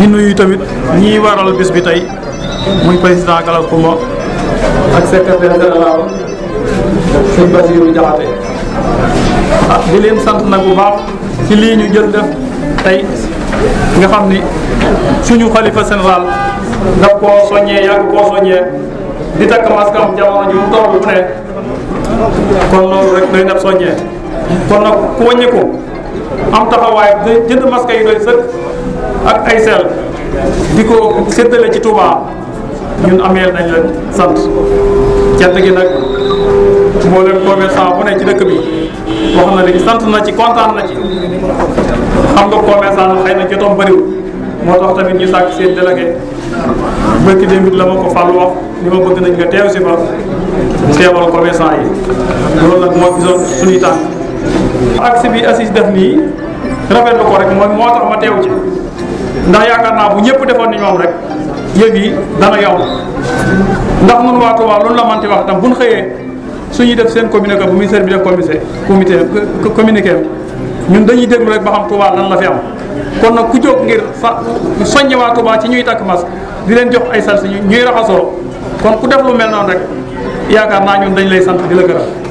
di nuyu tamit ñi waral bis bi tey muy président Galal Koumba ak secrétaire général sëñ Basiru Jaxate ah sant nag bu baax ci lii ñu jël def tey nga xam ni suñu xalifa général daf koo soññee yàgg koo soññee di takk maskam jamono ji mu toll bu ne kon loolu rek doy na soññee kon nag ku wàññi ko am taxawaay jënd maska yi doy sëkk ak ay sel di ko séddale ci Touba ñun ameel nañ leen sant cant gi nag mboolem commerçant bu ne ci dëkk bi wax na léegi sant na ci kontaan na ci xam nga commerçant xëy na jotoom bëriwul moo tax tamit ñu sàkk seen délégué bëkki démbit la ma ko fàllu wax ni ma bëgg nañ nga teew si fa mu teewal commerçant yi loolu nag moo gisoon suñuy tànk axe bi assis def nii rafetlu ko rek mooy moo tax ma teew ci ndax yaakaar naa bu ñëpp defoon ni ñoom rek yëf yi dana yomb ndax nun waa Touba loolu la manti wax tam bu ñu xëyee su ñu def seen communiqué bu ministère bi def comité comité communiqué ñun dañuy déglu rek ba xam Touba lan la fi am kon nag ku jóg ngir sa soññe waa Touba ci ñuy takk masque di leen jox ay salsi ñuy raxasoo kon ku def lu mel noonu rek yaakaar naa ñun dañ lay sant di la gërëm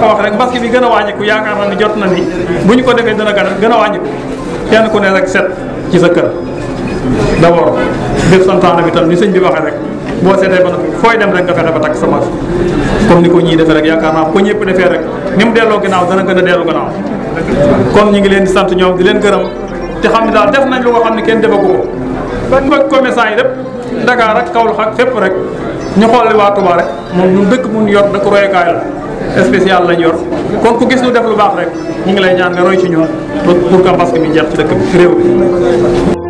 ko rek mbas bi gën a wàññiku yaakaar na ni jot na ni bu ñu ko defee dana gën a wàññiku kenn ku ne rek set ci sa kër d'abord def santaane bi tam ni sëñ bi waxee rek boo seetee ba fooy dem rek nga fexe ba takk sa masque comme ni ko ñii defee rek yaakaar naa ko ñëpp defee rek ni mu delloo gannaaw dana gën a dellu gannaaw kon ñu ngi leen di sant ñoom di leen gërëm te xam ne daal def nañ lu ko xam ne kenn defagu ko ba commerçant yi lépp Dakar ak Kaolack ak fépp rek ñu xool waa Touba moom ñun dëkk mun yor dëkk royukaay la spécial lañ yor kon ku gis ñu def lu baax rek ñu ngi lay ñaan nga roy ci ñoom pour pour que bi mi jeex ci dëkk bi réew bi